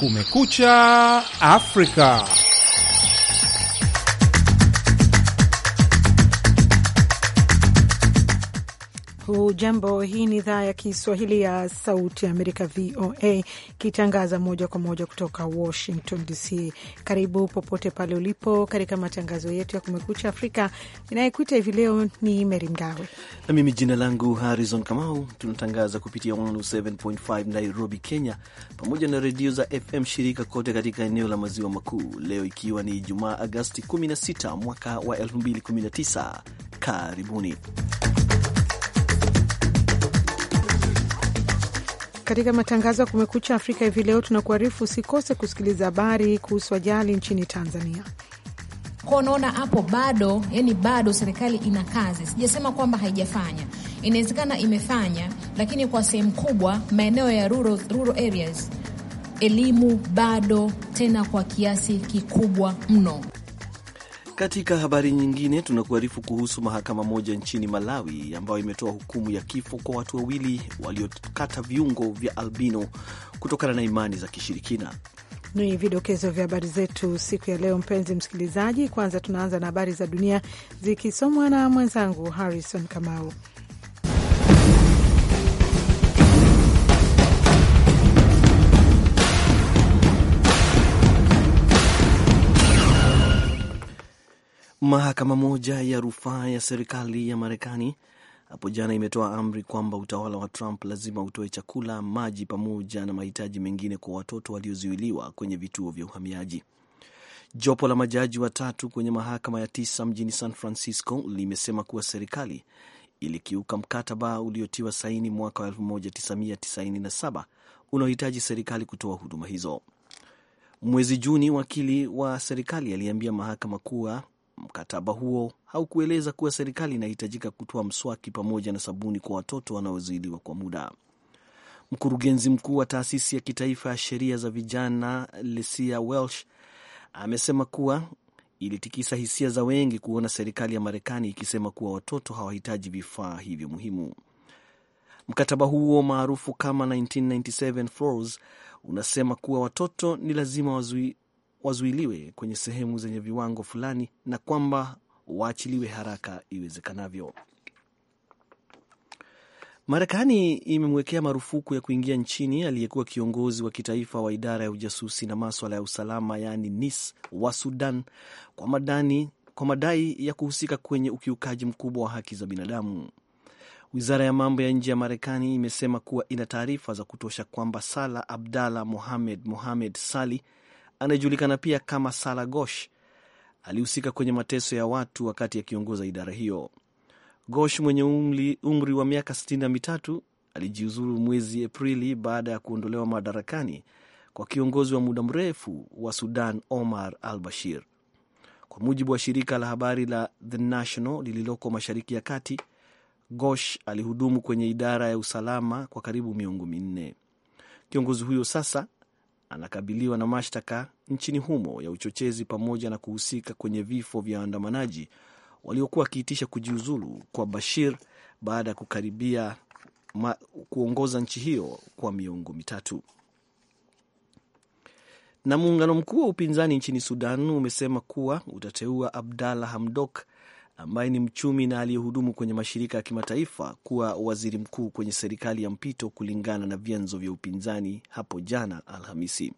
Kumekucha Afrika. Hujambo, hii ni idhaa ya Kiswahili ya Sauti ya Amerika, VOA, ikitangaza moja kwa moja kutoka Washington DC. Karibu popote pale ulipo katika matangazo yetu ya Kumekucha Afrika. Inayekuita hivi leo ni Meri Mgawe na mimi jina langu Harrison Kamau. Tunatangaza kupitia 107.5 Nairobi, Kenya, pamoja na redio za FM shirika kote katika eneo la maziwa makuu, leo ikiwa ni Ijumaa Agasti 16 mwaka wa 2019. Karibuni. Katika matangazo ya Kumekucha Afrika hivi leo, tunakuarifu usikose kusikiliza habari kuhusu ajali nchini Tanzania. Kwa unaona hapo bado, yani bado serikali ina kazi, sijasema kwamba haijafanya, inawezekana imefanya, lakini kwa sehemu kubwa maeneo ya rural, rural areas elimu bado, tena kwa kiasi kikubwa mno. Katika habari nyingine, tunakuarifu kuhusu mahakama moja nchini Malawi ambayo imetoa hukumu ya kifo kwa watu wawili waliokata viungo vya albino kutokana na imani za kishirikina. Ni vidokezo vya habari zetu siku ya leo, mpenzi msikilizaji. Kwanza tunaanza na habari za dunia zikisomwa na mwenzangu Harrison Kamau. Mahakama moja ya rufaa ya serikali ya Marekani hapo jana imetoa amri kwamba utawala wa Trump lazima utoe chakula, maji pamoja na mahitaji mengine kwa watoto waliozuiliwa kwenye vituo vya uhamiaji. Jopo la majaji watatu kwenye mahakama ya tisa mjini San Francisco limesema kuwa serikali ilikiuka mkataba uliotiwa saini mwaka wa 1997 unaohitaji serikali kutoa huduma hizo. Mwezi Juni, wakili wa serikali aliambia mahakama kuwa Mkataba huo haukueleza kuwa serikali inahitajika kutoa mswaki pamoja na sabuni kwa watoto wanaozuiliwa kwa muda. Mkurugenzi mkuu wa taasisi ya kitaifa ya sheria za vijana lisia Welsh amesema kuwa ilitikisa hisia za wengi kuona serikali ya Marekani ikisema kuwa watoto hawahitaji vifaa hivyo muhimu. Mkataba huo maarufu kama 1997 Floors unasema kuwa watoto ni lazima wazuiliwe kwenye sehemu zenye viwango fulani na kwamba waachiliwe haraka iwezekanavyo. Marekani imemwekea marufuku ya kuingia nchini aliyekuwa kiongozi wa kitaifa wa idara ya ujasusi na maswala ya usalama yaani NIS wa Sudan kwa madani, kwa madai ya kuhusika kwenye ukiukaji mkubwa wa haki za binadamu. Wizara ya mambo ya nje ya Marekani imesema kuwa ina taarifa za kutosha kwamba Sala Abdalla Mohamed Mohamed Sali anayejulikana pia kama Sala Gosh alihusika kwenye mateso ya watu wakati akiongoza idara hiyo. Gosh mwenye umri, umri wa miaka sitini na mitatu alijiuzuru mwezi Aprili baada ya kuondolewa madarakani kwa kiongozi wa muda mrefu wa Sudan Omar al-Bashir. Kwa mujibu wa shirika la habari la The National lililoko Mashariki ya Kati, Gosh alihudumu kwenye idara ya usalama kwa karibu miongo minne. Kiongozi huyo sasa anakabiliwa na mashtaka nchini humo ya uchochezi pamoja na kuhusika kwenye vifo vya waandamanaji waliokuwa wakiitisha kujiuzulu kwa Bashir baada ya kukaribia ma, kuongoza nchi hiyo kwa miongo mitatu. Na muungano mkuu wa upinzani nchini Sudan umesema kuwa utateua Abdalla Hamdok ambaye ni mchumi na aliyehudumu kwenye mashirika ya kimataifa kuwa waziri mkuu kwenye serikali ya mpito, kulingana na vyanzo vya upinzani hapo jana Alhamisi,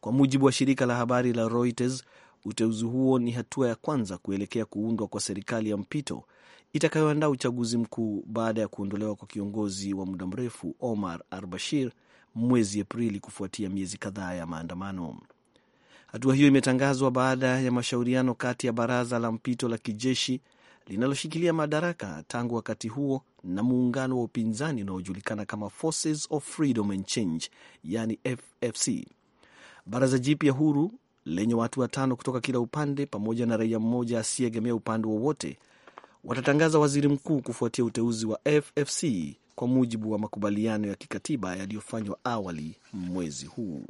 kwa mujibu wa shirika la habari la Reuters. Uteuzi huo ni hatua ya kwanza kuelekea kuundwa kwa serikali ya mpito itakayoandaa uchaguzi mkuu baada ya kuondolewa kwa kiongozi wa muda mrefu Omar al-Bashir mwezi Aprili kufuatia miezi kadhaa ya maandamano. Hatua hiyo imetangazwa baada ya mashauriano kati ya baraza la mpito la kijeshi linaloshikilia madaraka tangu wakati huo na muungano wa upinzani unaojulikana kama Forces of Freedom and Change, yani FFC. Baraza jipya huru lenye watu watano kutoka kila upande pamoja na raia mmoja asiyeegemea upande wowote watatangaza waziri mkuu kufuatia uteuzi wa FFC kwa mujibu wa makubaliano ya kikatiba yaliyofanywa awali mwezi huu.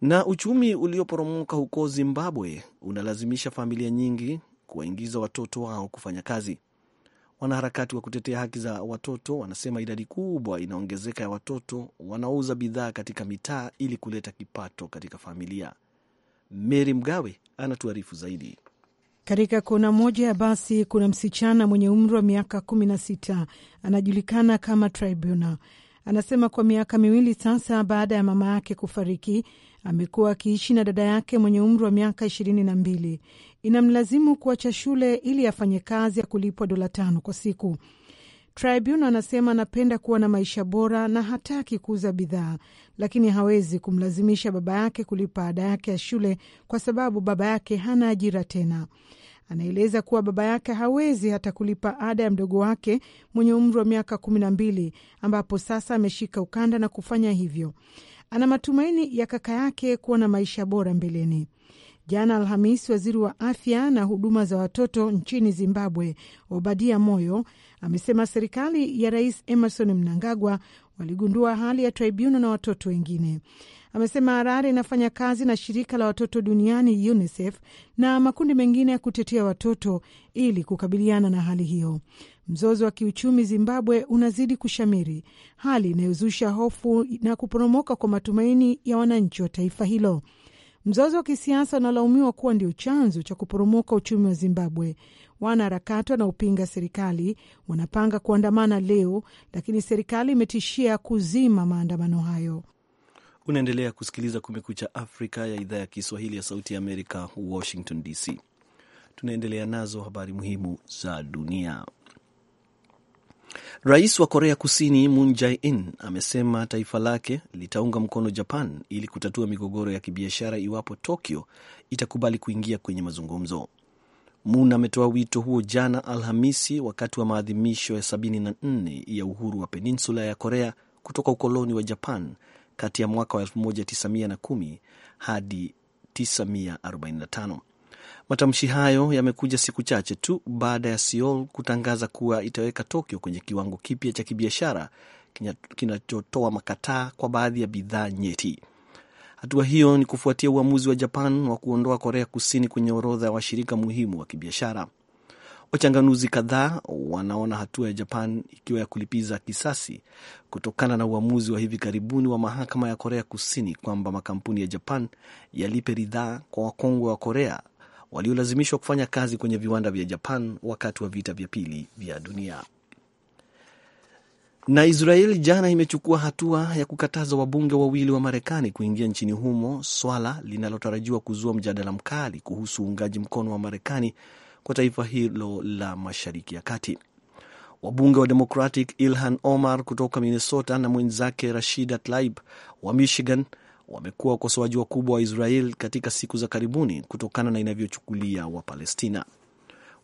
Na uchumi ulioporomoka huko Zimbabwe unalazimisha familia nyingi kuwaingiza watoto wao kufanya kazi. Wanaharakati wa kutetea haki za watoto wanasema idadi kubwa inaongezeka ya watoto wanaouza bidhaa katika mitaa ili kuleta kipato katika familia. Meri Mgawe anatuarifu zaidi. Katika kona moja ya basi kuna msichana mwenye umri wa miaka kumi na sita anajulikana kama Tribuna. Anasema kwa miaka miwili sasa, baada ya mama yake kufariki, amekuwa akiishi na dada yake mwenye umri wa miaka ishirini na mbili. Inamlazimu kuacha shule ili afanye kazi ya kulipwa dola tano kwa siku. Tribune anasema anapenda kuwa na maisha bora na hataki kuuza bidhaa, lakini hawezi kumlazimisha baba yake kulipa ada yake ya shule kwa sababu baba yake hana ajira tena. Anaeleza kuwa baba yake hawezi hata kulipa ada ya mdogo wake mwenye umri wa miaka kumi na mbili ambapo sasa ameshika ukanda na kufanya hivyo ana matumaini ya kaka yake kuwa na maisha bora mbeleni. Jana Alhamis, waziri wa afya na huduma za watoto nchini Zimbabwe, Obadia Moyo, amesema serikali ya Rais Emerson Mnangagwa waligundua hali ya tribuna na watoto wengine. Amesema Harare inafanya kazi na shirika la watoto duniani UNICEF na makundi mengine ya kutetea watoto ili kukabiliana na hali hiyo. Mzozo wa kiuchumi Zimbabwe unazidi kushamiri, hali inayozusha hofu na kuporomoka kwa matumaini ya wananchi wa taifa hilo. Mzozo wa kisiasa unalaumiwa kuwa ndio chanzo cha kuporomoka uchumi wa Zimbabwe. Wanaharakati wanaopinga serikali wanapanga kuandamana leo, lakini serikali imetishia kuzima maandamano hayo. Unaendelea kusikiliza Kumekucha Afrika ya idhaa ya Kiswahili ya Sauti ya Amerika, Washington DC. Tunaendelea nazo habari muhimu za dunia. Rais wa Korea Kusini Moon Jae-in amesema taifa lake litaunga mkono Japan ili kutatua migogoro ya kibiashara iwapo Tokyo itakubali kuingia kwenye mazungumzo. Moon ametoa wito huo jana Alhamisi wakati wa maadhimisho ya 74 ya uhuru wa peninsula ya Korea kutoka ukoloni wa Japan kati ya mwaka wa 1910 hadi 945 Matamshi hayo yamekuja siku chache tu baada ya Seoul kutangaza kuwa itaweka Tokyo kwenye kiwango kipya cha kibiashara kinachotoa makataa kwa baadhi ya bidhaa nyeti. Hatua hiyo ni kufuatia uamuzi wa Japan wa kuondoa Korea Kusini kwenye orodha ya wa washirika muhimu wa kibiashara. Wachanganuzi kadhaa wanaona hatua ya Japan ikiwa ya kulipiza kisasi kutokana na uamuzi wa hivi karibuni wa mahakama ya Korea Kusini kwamba makampuni ya Japan yalipe ridhaa kwa wakongwe wa Korea waliolazimishwa kufanya kazi kwenye viwanda vya Japan wakati wa vita vya pili vya dunia. Na Israeli jana imechukua hatua ya kukataza wabunge wawili wa Marekani kuingia nchini humo, swala linalotarajiwa kuzua mjadala mkali kuhusu uungaji mkono wa Marekani kwa taifa hilo la Mashariki ya Kati. Wabunge wa Democratic Ilhan Omar kutoka Minnesota na mwenzake Rashida Tlaib wa Michigan wamekuwa wakosoaji wakubwa wa Israel katika siku za karibuni kutokana na inavyochukulia Wapalestina.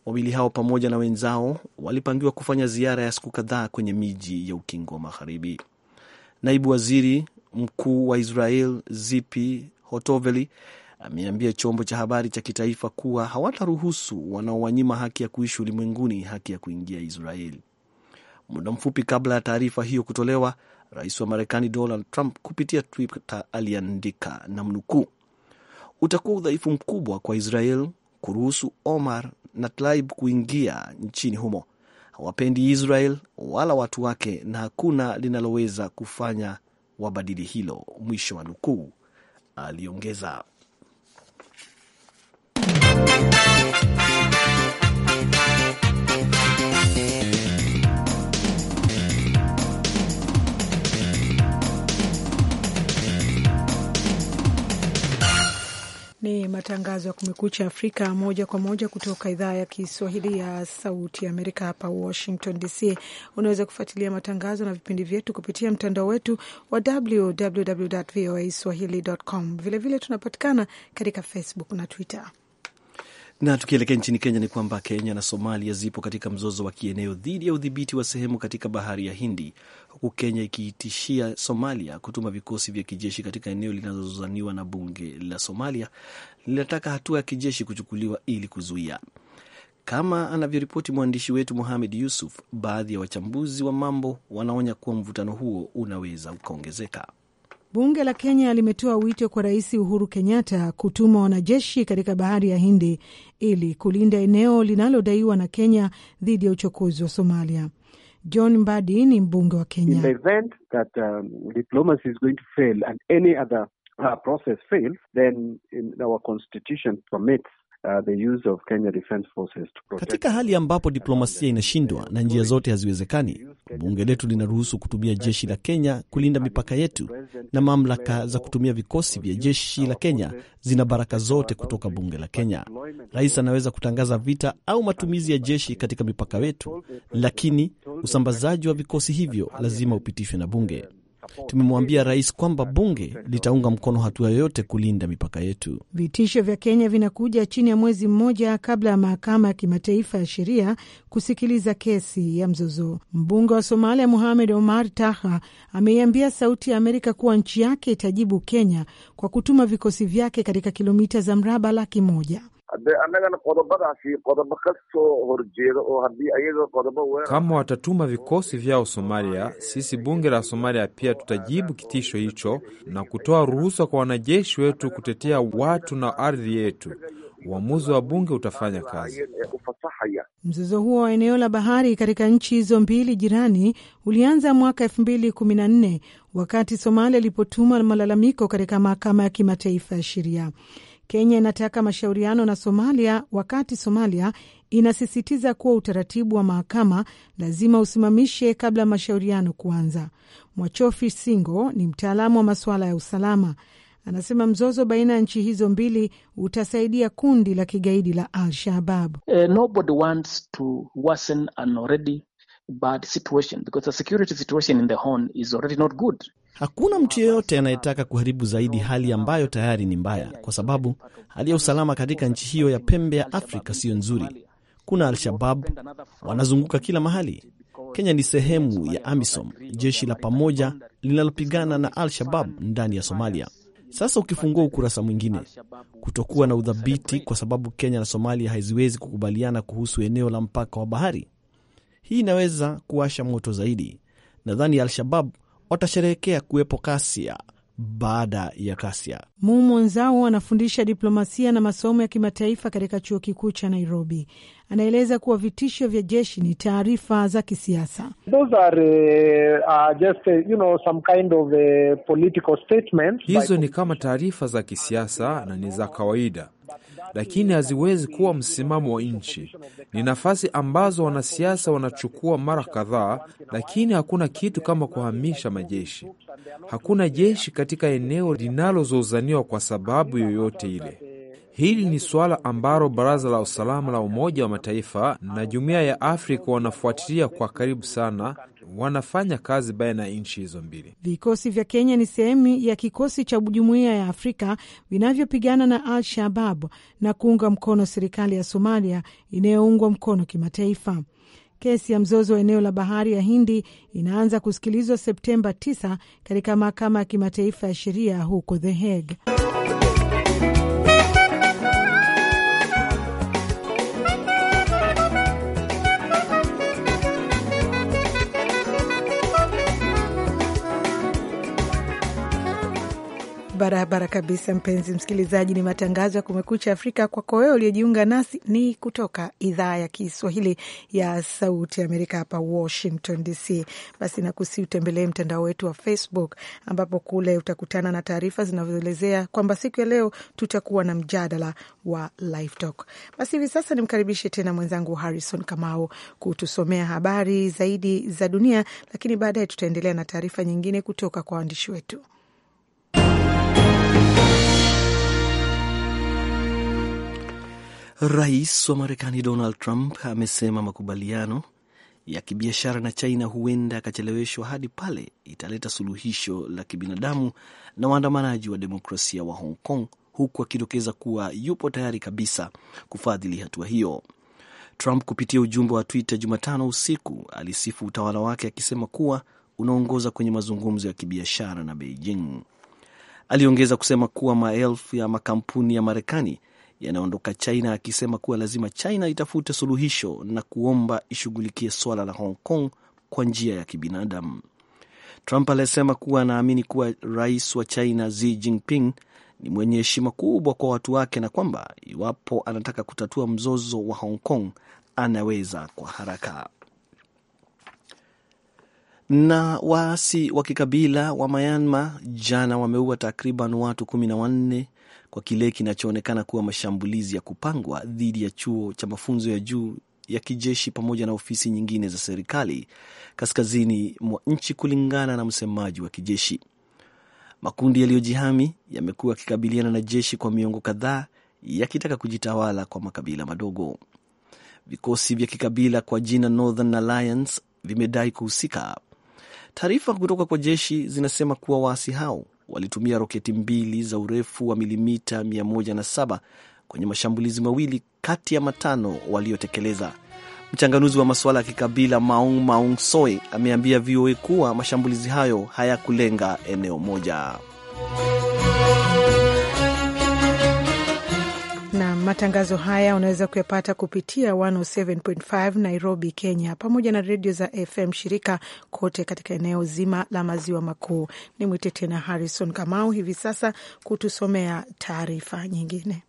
Wawili hao pamoja na wenzao walipangiwa kufanya ziara ya siku kadhaa kwenye miji ya Ukingo wa Magharibi. Naibu waziri mkuu wa Israel Zipi Hotoveli ameambia chombo cha habari cha kitaifa kuwa hawataruhusu wanaowanyima haki ya kuishi ulimwenguni haki ya kuingia Israeli. Muda mfupi kabla ya taarifa hiyo kutolewa, Rais wa Marekani Donald Trump kupitia Twitter aliandika na mnukuu, utakuwa udhaifu mkubwa kwa Israel kuruhusu Omar na Tlaib kuingia nchini humo. Hawapendi Israel wala watu wake, na hakuna linaloweza kufanya wabadili hilo, mwisho wa nukuu, aliongeza. Ni matangazo ya Kumekucha Afrika moja kwa moja kutoka idhaa ya Kiswahili ya Sauti ya Amerika hapa Washington DC. Unaweza kufuatilia matangazo na vipindi vyetu kupitia mtandao wetu wa www voa swahili com. Vilevile tunapatikana katika Facebook na Twitter. Na tukielekea nchini Kenya ni kwamba Kenya na Somalia zipo katika mzozo wa kieneo dhidi ya udhibiti wa sehemu katika bahari ya Hindi, huku Kenya ikiitishia Somalia kutuma vikosi vya kijeshi katika eneo linalozozaniwa na bunge la Somalia linataka hatua ya kijeshi kuchukuliwa ili kuzuia kama anavyoripoti mwandishi wetu Mohamed Yusuf, baadhi ya wachambuzi wa mambo wanaonya kuwa mvutano huo unaweza ukaongezeka. Bunge la Kenya limetoa wito kwa Rais Uhuru Kenyatta kutuma wanajeshi katika bahari ya Hindi ili kulinda eneo linalodaiwa na Kenya dhidi ya uchokozi wa Somalia. John Mbadi ni mbunge wa Kenya. Uh, katika hali ambapo diplomasia inashindwa na njia zote haziwezekani, bunge letu linaruhusu kutumia jeshi la Kenya kulinda mipaka yetu, na mamlaka za kutumia vikosi vya jeshi la Kenya zina baraka zote kutoka bunge la Kenya. Rais anaweza kutangaza vita au matumizi ya jeshi katika mipaka yetu, lakini usambazaji wa vikosi hivyo lazima upitishwe na bunge. Tumemwambia rais kwamba bunge litaunga mkono hatua yoyote kulinda mipaka yetu. Vitisho vya Kenya vinakuja chini ya mwezi mmoja kabla ya mahakama ya kimataifa ya sheria kusikiliza kesi ya mzozo. Mbunge wa Somalia Muhamed Omar Taha ameiambia Sauti ya Amerika kuwa nchi yake itajibu Kenya kwa kutuma vikosi vyake katika kilomita za mraba laki moja haddee annagana qodobadaasi qodobo ka soo horjeeda oo haddii ayaga qodobo kama watatuma vikosi vyao Somalia, sisi bunge la Somalia pia tutajibu kitisho hicho na kutoa ruhusa kwa wanajeshi wetu kutetea watu na ardhi yetu. Uamuzi wa bunge utafanya kazi. Mzozo huo wa eneo la bahari katika nchi hizo mbili jirani ulianza mwaka elfu mbili kumi na nne wakati Somalia ilipotuma malalamiko katika mahakama ya kimataifa ya sheria. Kenya inataka mashauriano na Somalia, wakati Somalia inasisitiza kuwa utaratibu wa mahakama lazima usimamishe kabla ya mashauriano kuanza. Mwachofi Singo ni mtaalamu wa masuala ya usalama, anasema mzozo baina ya nchi hizo mbili utasaidia kundi la kigaidi la Al Shabab. Uh, bad situation because the security situation in the Horn is already not good. Hakuna mtu yeyote anayetaka kuharibu zaidi hali ambayo tayari ni mbaya, kwa sababu hali ya usalama katika nchi hiyo ya pembe ya Afrika siyo nzuri. Kuna Al-Shabab wanazunguka kila mahali. Kenya ni sehemu ya AMISOM, jeshi la pamoja linalopigana na Al-Shabab ndani ya Somalia. Sasa ukifungua ukurasa mwingine, kutokuwa na udhabiti, kwa sababu Kenya na Somalia haziwezi kukubaliana kuhusu eneo la mpaka wa bahari hii inaweza kuwasha moto zaidi. Nadhani Al-Shabab watasherehekea kuwepo kasia baada ya kasia. Mumo Nzao anafundisha diplomasia na masomo ya kimataifa katika chuo kikuu cha Nairobi. Anaeleza kuwa vitisho vya jeshi ni taarifa za kisiasa. Hizo ni kama taarifa za kisiasa na ni za kawaida lakini haziwezi kuwa msimamo wa nchi. Ni nafasi ambazo wanasiasa wanachukua mara kadhaa, lakini hakuna kitu kama kuhamisha majeshi. Hakuna jeshi katika eneo linalozozaniwa kwa sababu yoyote ile. Hili ni suala ambalo Baraza la Usalama la Umoja wa Mataifa na Jumuiya ya Afrika wanafuatilia kwa karibu sana, wanafanya kazi baina ya nchi hizo mbili. Vikosi vya Kenya ni sehemu ya kikosi cha Jumuiya ya Afrika vinavyopigana na Al Shabab na kuunga mkono serikali ya Somalia inayoungwa mkono kimataifa. Kesi ya mzozo wa eneo la bahari ya Hindi inaanza kusikilizwa Septemba 9 katika mahakama ya kimataifa ya sheria huko The Hague. barabara kabisa, mpenzi msikilizaji, ni matangazo ya Kumekucha Afrika. Kwako wewe uliojiunga nasi ni kutoka idhaa ya Kiswahili ya Sauti Amerika hapa Washington DC. Basi nakusi utembelee mtandao wetu wa Facebook, ambapo kule utakutana na taarifa zinazoelezea kwamba siku ya leo tutakuwa na mjadala wa Live Talk. Basi hivi sasa nimkaribishe tena mwenzangu Harrison Kamau kutusomea habari zaidi za dunia, lakini baadaye tutaendelea na taarifa nyingine kutoka kwa waandishi wetu. Rais wa Marekani Donald Trump amesema makubaliano ya kibiashara na China huenda akacheleweshwa hadi pale italeta suluhisho la kibinadamu na waandamanaji wa demokrasia wa Hong Kong, huku akidokeza kuwa yupo tayari kabisa kufadhili hatua hiyo. Trump kupitia ujumbe wa Twitter Jumatano usiku alisifu utawala wake akisema kuwa unaongoza kwenye mazungumzo ya kibiashara na Beijing. Aliongeza kusema kuwa maelfu ya makampuni ya Marekani yanaondoka China akisema kuwa lazima China itafute suluhisho na kuomba ishughulikie swala la Hong Kong kwa njia ya kibinadamu. Trump alisema kuwa anaamini kuwa rais wa China Xi Jinping ni mwenye heshima kubwa kwa watu wake na kwamba iwapo anataka kutatua mzozo wa Hong Kong anaweza kwa haraka. Na waasi wa kikabila wa Myanmar jana wameua takriban watu kumi na wanne kwa kile kinachoonekana kuwa mashambulizi ya kupangwa dhidi ya chuo cha mafunzo ya juu ya kijeshi pamoja na ofisi nyingine za serikali kaskazini mwa nchi, kulingana na msemaji wa kijeshi. Makundi yaliyojihami yamekuwa yakikabiliana na jeshi kwa miongo kadhaa yakitaka kujitawala kwa makabila madogo. Vikosi vya kikabila kwa jina Northern Alliance vimedai kuhusika Taarifa kutoka kwa jeshi zinasema kuwa waasi hao walitumia roketi mbili za urefu wa milimita 107 kwenye mashambulizi mawili kati ya matano waliotekeleza. Mchanganuzi wa masuala ya kikabila Maung Maung Soe ameambia VOA kuwa mashambulizi hayo hayakulenga eneo moja. Matangazo haya unaweza kuyapata kupitia 107.5 Nairobi, Kenya, pamoja na redio za FM shirika kote katika eneo zima la maziwa makuu. Ni mwite tena Harrison Kamau hivi sasa kutusomea taarifa nyingine.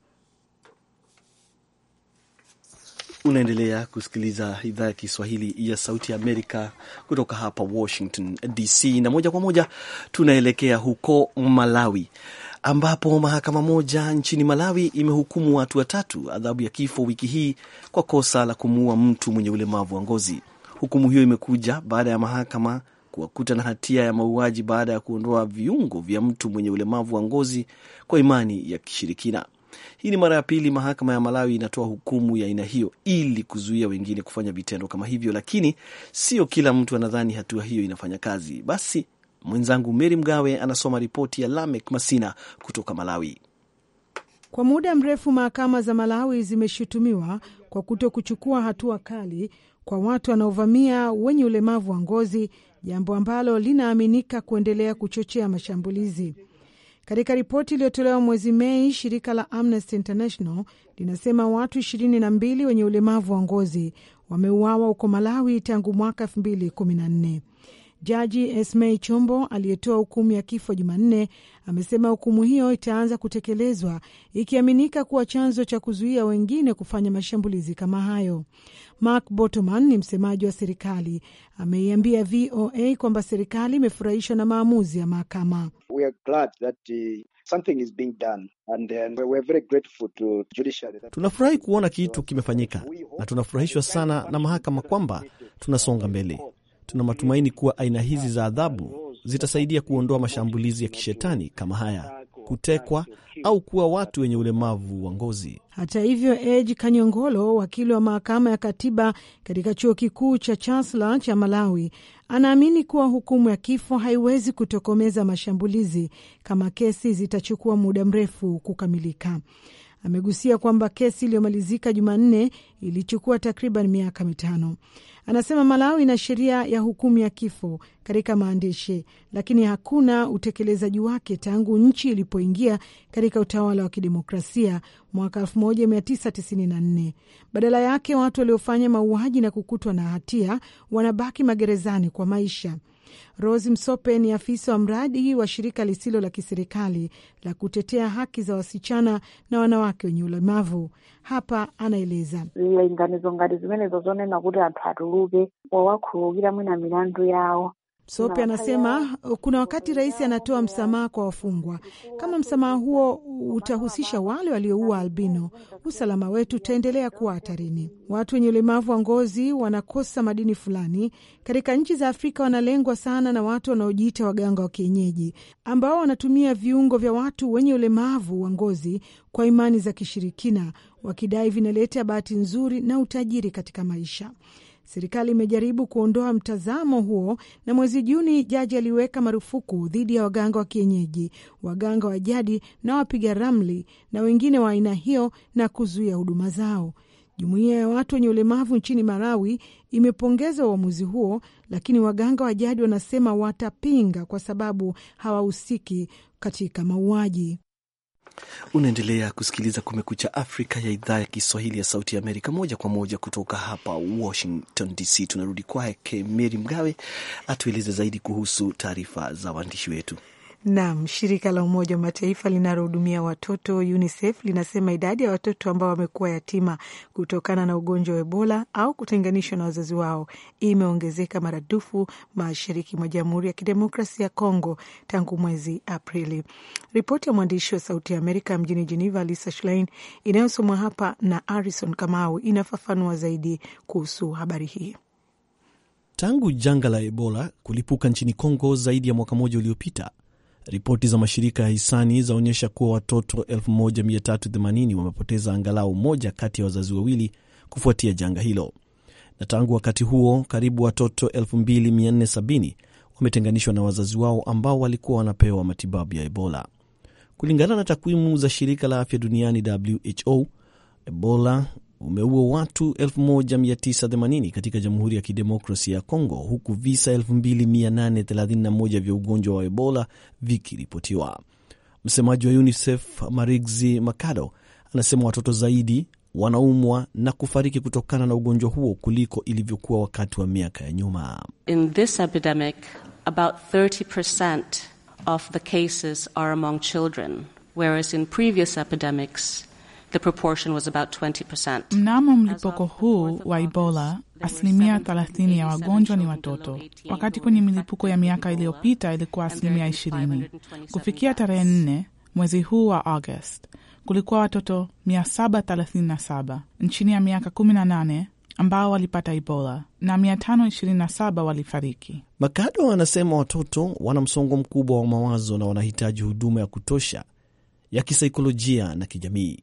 Unaendelea kusikiliza idhaa ya Kiswahili ya Sauti ya Amerika kutoka hapa Washington DC, na moja kwa moja tunaelekea huko Malawi ambapo mahakama moja nchini Malawi imehukumu watu watatu adhabu ya kifo wiki hii kwa kosa la kumuua mtu mwenye ulemavu wa ngozi. Hukumu hiyo imekuja baada ya mahakama kuwakuta na hatia ya mauaji baada ya kuondoa viungo vya mtu mwenye ulemavu wa ngozi kwa imani ya kishirikina. Hii ni mara ya pili mahakama ya Malawi inatoa hukumu ya aina hiyo ili kuzuia wengine kufanya vitendo kama hivyo, lakini sio kila mtu anadhani hatua hiyo inafanya kazi. Basi Mwenzangu Meri Mgawe anasoma ripoti ya Lamek Masina kutoka Malawi. Kwa muda mrefu mahakama za Malawi zimeshutumiwa kwa kuto kuchukua hatua kali kwa watu wanaovamia wenye ulemavu wa ngozi, jambo ambalo linaaminika kuendelea kuchochea mashambulizi. Katika ripoti iliyotolewa mwezi Mei, shirika la Amnesty International linasema watu 22 wenye ulemavu wa ngozi wameuawa huko Malawi tangu mwaka 2014. Jaji Esmei Chombo aliyetoa hukumu ya kifo Jumanne amesema hukumu hiyo itaanza kutekelezwa ikiaminika kuwa chanzo cha kuzuia wengine kufanya mashambulizi kama hayo. Mark Botoman ni msemaji wa serikali, ameiambia VOA kwamba serikali imefurahishwa na maamuzi ya mahakama. Uh, uh, Tunafurahi kuona kitu kimefanyika na tunafurahishwa sana na mahakama kwamba tunasonga mbele Tuna matumaini kuwa aina hizi za adhabu zitasaidia kuondoa mashambulizi ya kishetani kama haya, kutekwa au kuwa watu wenye ulemavu wa ngozi. Hata hivyo, Ej Kanyongolo, wakili wa mahakama ya katiba katika chuo kikuu cha Chancellor cha Malawi, anaamini kuwa hukumu ya kifo haiwezi kutokomeza mashambulizi kama kesi zitachukua muda mrefu kukamilika. Amegusia kwamba kesi iliyomalizika Jumanne ilichukua takriban miaka mitano. Anasema Malawi ina sheria ya hukumu ya kifo katika maandishi, lakini hakuna utekelezaji wake tangu nchi ilipoingia katika utawala wa kidemokrasia mwaka 1994. Badala yake, watu waliofanya mauaji na kukutwa na hatia wanabaki magerezani kwa maisha. Rose Msope ni afisa wa mradi wa shirika lisilo la kiserikali la kutetea haki za wasichana na wanawake wenye ulemavu. Hapa anaeleza zilenganizo ngali zimene zozone nakuti anthu atuluke wawakhulukira mwina milandu yawo Sopi anasema kuna wakati rais anatoa msamaha kwa wafungwa. Kama msamaha huo utahusisha wale walioua albino, usalama wetu utaendelea kuwa hatarini. Watu wenye ulemavu wa ngozi wanakosa madini fulani. Katika nchi za Afrika wanalengwa sana na watu wanaojiita waganga wa kienyeji, ambao wanatumia viungo vya watu wenye ulemavu wa ngozi kwa imani za kishirikina, wakidai vinaleta bahati nzuri na utajiri katika maisha. Serikali imejaribu kuondoa mtazamo huo, na mwezi Juni jaji aliweka marufuku dhidi ya waganga wa kienyeji, waganga wa jadi na wapiga ramli na wengine wa aina hiyo, na kuzuia huduma zao. Jumuiya ya watu wenye ulemavu nchini Malawi imepongeza uamuzi huo, lakini waganga wa jadi wanasema watapinga kwa sababu hawahusiki katika mauaji. Unaendelea kusikiliza Kumekucha Afrika ya idhaa ya Kiswahili ya Sauti ya Amerika, moja kwa moja kutoka hapa Washington DC. Tunarudi kwake Meri Mgawe atueleze zaidi kuhusu taarifa za waandishi wetu. Nam, shirika la Umoja wa Mataifa linalohudumia watoto UNICEF linasema idadi ya watoto ambao wamekuwa yatima kutokana na ugonjwa wa Ebola au kutenganishwa na wazazi wao imeongezeka maradufu mashariki mwa Jamhuri ya Kidemokrasia ya Kongo tangu mwezi Aprili. Ripoti ya mwandishi wa Sauti ya Amerika mjini Geneva, Lisa Schlein, inayosomwa hapa na Arison Kamau, inafafanua zaidi kuhusu habari hii. Tangu janga la Ebola kulipuka nchini Kongo zaidi ya mwaka mmoja uliopita Ripoti za mashirika ya hisani zaonyesha kuwa watoto 1380 wamepoteza angalau moja kati ya wazazi wawili kufuatia janga hilo, na tangu wakati huo karibu watoto 2470 wametenganishwa na wazazi wao ambao walikuwa wanapewa matibabu ya Ebola. Kulingana na takwimu za shirika la afya duniani WHO, Ebola umeua watu 1980 katika Jamhuri ya Kidemokrasia ya Kongo, huku visa 2831 vya ugonjwa wa Ebola vikiripotiwa. Msemaji wa UNICEF Marigzi Makado anasema watoto zaidi wanaumwa na kufariki kutokana na ugonjwa huo kuliko ilivyokuwa wakati wa miaka ya nyuma. In this epidemic, about 30% of the cases are among children, whereas in previous epidemics the proportion was about 20%. Mnamo mlipuko huu wa Ebola, asilimia 30 ya wagonjwa ni watoto, wakati kwenye milipuko ya miaka iliyopita ilikuwa asilimia 20. Kufikia tarehe 4 mwezi huu wa August, kulikuwa watoto 737 nchini ya miaka 18 ambao walipata Ebola na 527 walifariki. makado wanasema watoto wana msongo mkubwa wa mawazo na wanahitaji huduma ya kutosha ya kisaikolojia na kijamii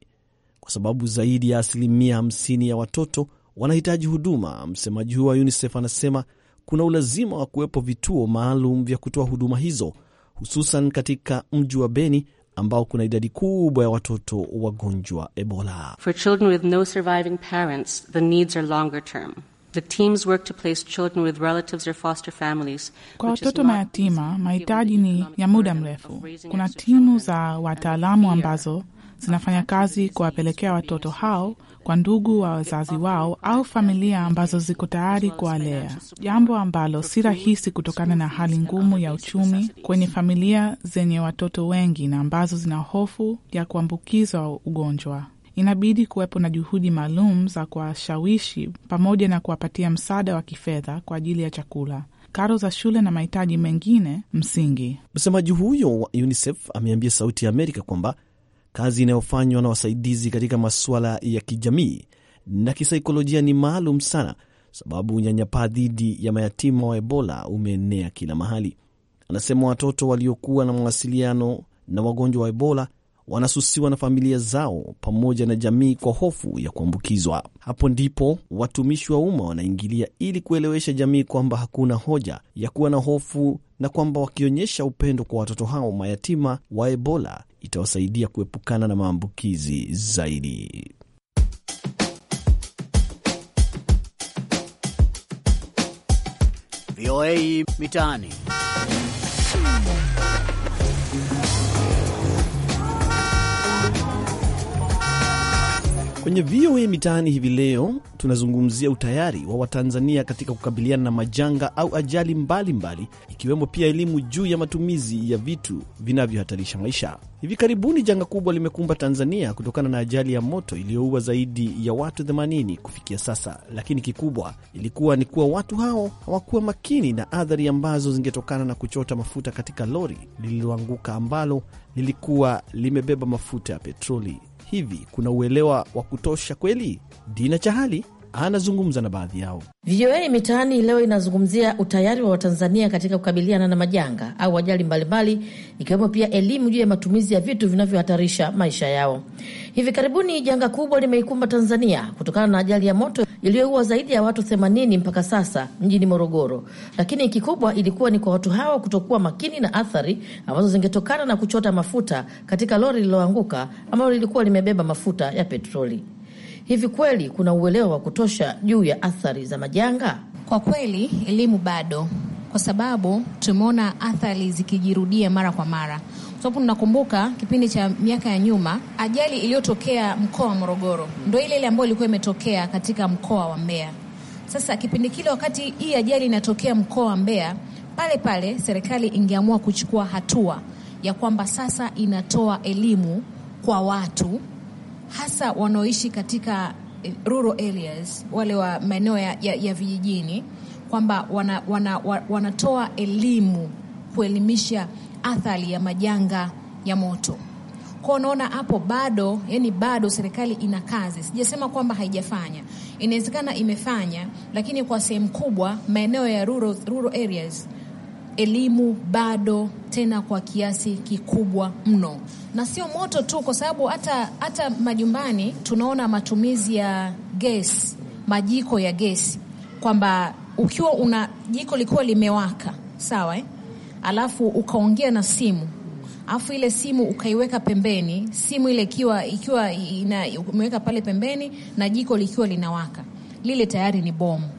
kwa sababu zaidi ya asilimia 50 ya watoto wanahitaji huduma. Msemaji huyo wa UNICEF anasema kuna ulazima wa kuwepo vituo maalum vya kutoa huduma hizo, hususan katika mji wa Beni ambao kuna idadi kubwa ya watoto wagonjwa Ebola. For children with no surviving parents, the needs are longer term. The teams work to place children with relatives or foster families. Kwa watoto mayatima, mahitaji ni ya muda mrefu. Kuna timu za wataalamu ambazo zinafanya kazi kuwapelekea watoto hao kwa ndugu wa wazazi wao au familia ambazo ziko tayari kuwalea, jambo ambalo si rahisi kutokana na hali ngumu ya uchumi kwenye familia zenye watoto wengi na ambazo zina hofu ya kuambukizwa ugonjwa. Inabidi kuwepo na juhudi maalum za kuwashawishi pamoja na kuwapatia msaada wa kifedha kwa ajili ya chakula, karo za shule na mahitaji mengine msingi. Msemaji huyo wa UNICEF ameambia Sauti ya Amerika kwamba Kazi inayofanywa na wasaidizi katika masuala ya kijamii na kisaikolojia ni maalum sana, sababu unyanyapaa dhidi ya mayatima wa Ebola umeenea kila mahali. Anasema watoto waliokuwa na mawasiliano na wagonjwa wa Ebola wanasusiwa na familia zao pamoja na jamii kwa hofu ya kuambukizwa. Hapo ndipo watumishi wa umma wanaingilia ili kuelewesha jamii kwamba hakuna hoja ya kuwa na hofu na kwamba wakionyesha upendo kwa watoto hao mayatima wa Ebola itawasaidia kuepukana na maambukizi zaidi. VOA Mitaani. Kwenye VOA Mitaani hivi leo tunazungumzia utayari wa Watanzania katika kukabiliana na majanga au ajali mbalimbali mbali, ikiwemo pia elimu juu ya matumizi ya vitu vinavyohatarisha maisha. Hivi karibuni janga kubwa limekumba Tanzania kutokana na ajali ya moto iliyoua zaidi ya watu 80 kufikia sasa, lakini kikubwa ilikuwa ni kuwa watu hao hawakuwa makini na athari ambazo zingetokana na kuchota mafuta katika lori lililoanguka ambalo lilikuwa limebeba mafuta ya petroli hivi kuna uelewa wa kutosha kweli? Dina Chahali anazungumza na baadhi yao. VOA Mitaani leo inazungumzia utayari wa Watanzania katika kukabiliana na majanga au ajali mbalimbali, ikiwemo pia elimu juu ya matumizi ya vitu vinavyohatarisha maisha yao. Hivi karibuni janga kubwa limeikumba Tanzania kutokana na ajali ya moto iliyoua zaidi ya watu 80 mpaka sasa mjini Morogoro, lakini kikubwa ilikuwa ni kwa watu hawa kutokuwa makini na athari ambazo zingetokana na kuchota mafuta katika lori lililoanguka ambalo lilikuwa limebeba mafuta ya petroli. Hivi kweli kuna uelewa wa kutosha juu ya athari za majanga? Kwa kweli elimu bado kwa sababu tumeona athari zikijirudia mara kwa mara, kwa sababu tunakumbuka kipindi cha miaka ya nyuma ajali iliyotokea mkoa wa Morogoro ndo ile ile ambayo ilikuwa imetokea katika mkoa wa Mbeya. Sasa kipindi kile, wakati hii ajali inatokea mkoa wa Mbeya, pale pale serikali ingeamua kuchukua hatua ya kwamba sasa inatoa elimu kwa watu hasa wanaoishi katika rural areas, wale wa maeneo ya, ya, ya vijijini kwamba wanatoa wana, wana, elimu kuelimisha athari ya majanga ya moto. Kwa unaona hapo bado, yani bado serikali ina kazi. Sijasema kwamba haijafanya, inawezekana imefanya, lakini kwa sehemu kubwa maeneo ya rural, rural areas elimu bado tena kwa kiasi kikubwa mno, na sio moto tu, kwa sababu hata hata majumbani tunaona matumizi ya gesi, majiko ya gesi, kwamba ukiwa una jiko likuwa limewaka sawa eh? Alafu ukaongea na simu alafu ile simu ukaiweka pembeni, simu ile ikiwa ikiwa umeweka pale pembeni na jiko likiwa linawaka, lile tayari ni bomu.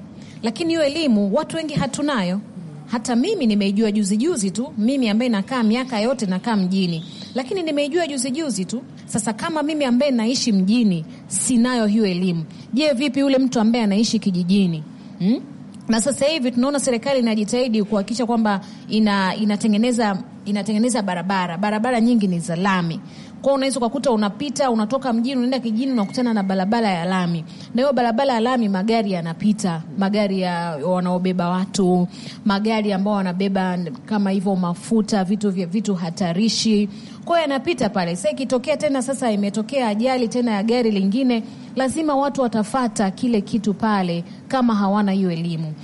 Lakini hiyo elimu watu wengi hatunayo. Hata mimi nimeijua juzi juzi tu, mimi ambaye nakaa miaka yote nakaa mjini, lakini nimeijua juzi juzi tu. Sasa kama mimi ambaye naishi mjini sinayo hiyo elimu, je, vipi yule mtu ambaye anaishi kijijini hmm? na sasa hivi tunaona serikali inajitahidi kuhakikisha kwamba ina, inatengeneza, inatengeneza barabara. Barabara nyingi ni za lami, kwa hiyo unaweza ukakuta unapita unatoka mjini unaenda kijini unakutana na barabara ya lami, na hiyo barabara ya lami magari yanapita, magari ya wanaobeba watu, magari ambao wanabeba kama hivyo mafuta, vitu vya vitu hatarishi, kwa hiyo yanapita pale. Sasa ikitokea tena sasa imetokea ajali tena ya gari lingine, lazima watu watafata kile kitu pale kama hawana hiyo elimu.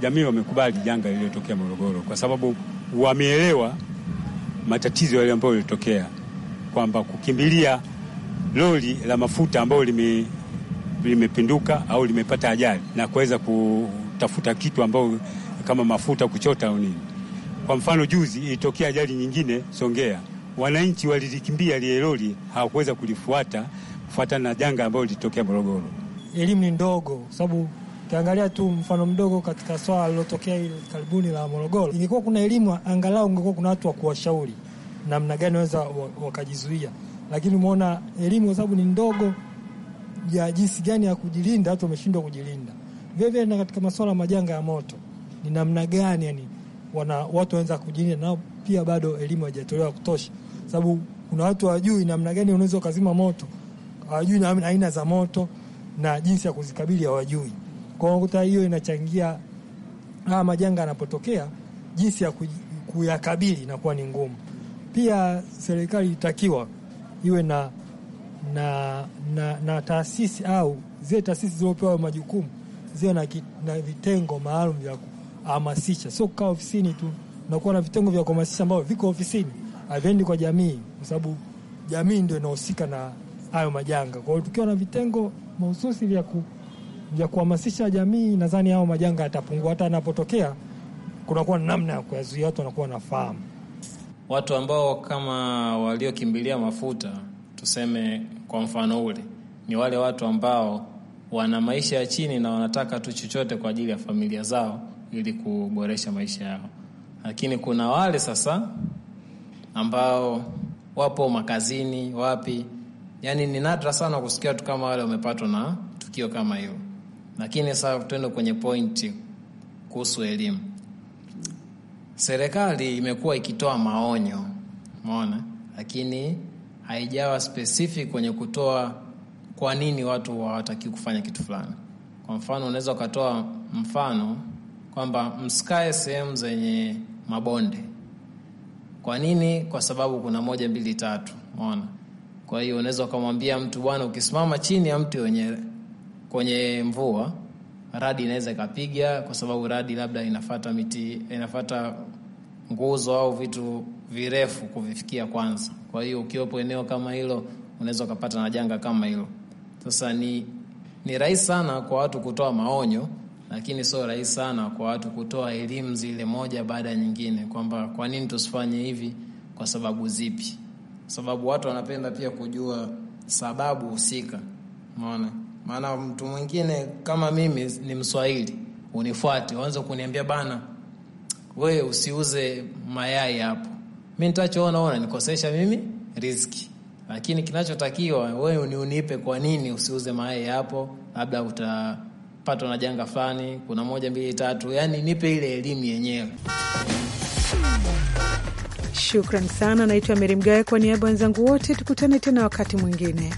Jamii wamekubali janga lililotokea Morogoro kwa sababu wameelewa matatizo yale ambayo yalitokea kwamba kukimbilia lori la mafuta ambayo lime, limepinduka au limepata ajali na kuweza kutafuta kitu ambao kama mafuta kuchota au nini. Kwa mfano juzi ilitokea ajali nyingine Songea, wananchi walilikimbia lile lori, hawakuweza kulifuata kufuatana na janga ambayo lilitokea Morogoro. Elimu ni ndogo, sababu ukiangalia tu mfano mdogo katika swala lilotokea karibuni la Morogoro, ingekuwa kuna elimu angalau, ungekuwa kuna watu wa kuwashauri namna gani waweza wakajizuia, lakini umeona elimu kwa sababu ni ndogo ya jinsi gani ya kujilinda, watu wameshindwa kujilinda. Vilevile na katika masuala majanga ya moto ni namna gani yani wana watu wanaweza kujilinda, nao pia bado elimu haijatolewa kutosha, sababu kuna watu hawajui namna gani unaweza ukazima moto, hawajui aina za moto na jinsi ya kuzikabili hawajui. Kwa unakuta hiyo inachangia haya majanga yanapotokea, jinsi ya kuyakabili inakuwa ni ngumu. Pia serikali itakiwa iwe na, na, na, na taasisi au zile taasisi zilizopewa majukumu ziwe na, na vitengo maalum vya kuhamasisha, sio kukaa ofisini tu. Nakuwa na vitengo vya kuhamasisha ambavyo viko ofisini, haviendi kwa jamii, kwa sababu jamii ndio inahusika na hayo majanga. Kwa hiyo tukiwa na vitengo mahususi vya ku vya kuhamasisha jamii, nadhani hao majanga yatapungua. Hata yanapotokea, kunakuwa na namna ya kuyazuia, watu wanakuwa nafahamu watu ambao kama waliokimbilia mafuta, tuseme kwa mfano ule, ni wale watu ambao wana maisha ya chini na wanataka tu chochote kwa ajili ya familia zao ili kuboresha maisha yao. Lakini kuna wale sasa ambao wapo makazini, wapi, yani ni nadra sana kusikia tu kama wale wamepatwa na tukio kama hilo. Lakini sasa tuende kwenye pointi kuhusu elimu serikali imekuwa ikitoa maonyo, umeona, lakini haijawa specific kwenye kutoa kwa nini watu hawataki kufanya kitu fulani. Kwa mfano, unaweza ukatoa mfano kwamba msikae sehemu zenye mabonde. Kwa nini? Kwa sababu kuna moja, mbili, tatu, mona Kwa hiyo unaweza ukamwambia mtu bwana, ukisimama chini ya mti wenye kwenye mvua radi inaweza ikapiga, kwa sababu radi labda inafata miti, inafata nguzo au vitu virefu kuvifikia kwanza. Kwa hiyo ukiwepo eneo kama hilo, unaweza ukapata na janga kama hilo. Sasa ni, ni rahisi sana kwa watu kutoa maonyo, lakini sio rahisi sana kwa watu kutoa elimu zile moja baada ya nyingine, kwamba kwa nini tusifanye hivi, kwa sababu zipi? Sababu watu wanapenda pia kujua sababu husika, umeona. Maana mtu mwingine kama mimi ni Mswahili, unifuate uanze kuniambia bana, we usiuze mayai hapo, mi ntachoona ona nikosesha mimi riski lakini kinachotakiwa wee uniunipe kwa nini usiuze mayai hapo, labda utapatwa na janga fulani, kuna moja mbili tatu, yani nipe ile elimu yenyewe. Shukran sana, naitwa Meri Mgawe kwa niaba wenzangu wote, tukutane tena wakati mwingine.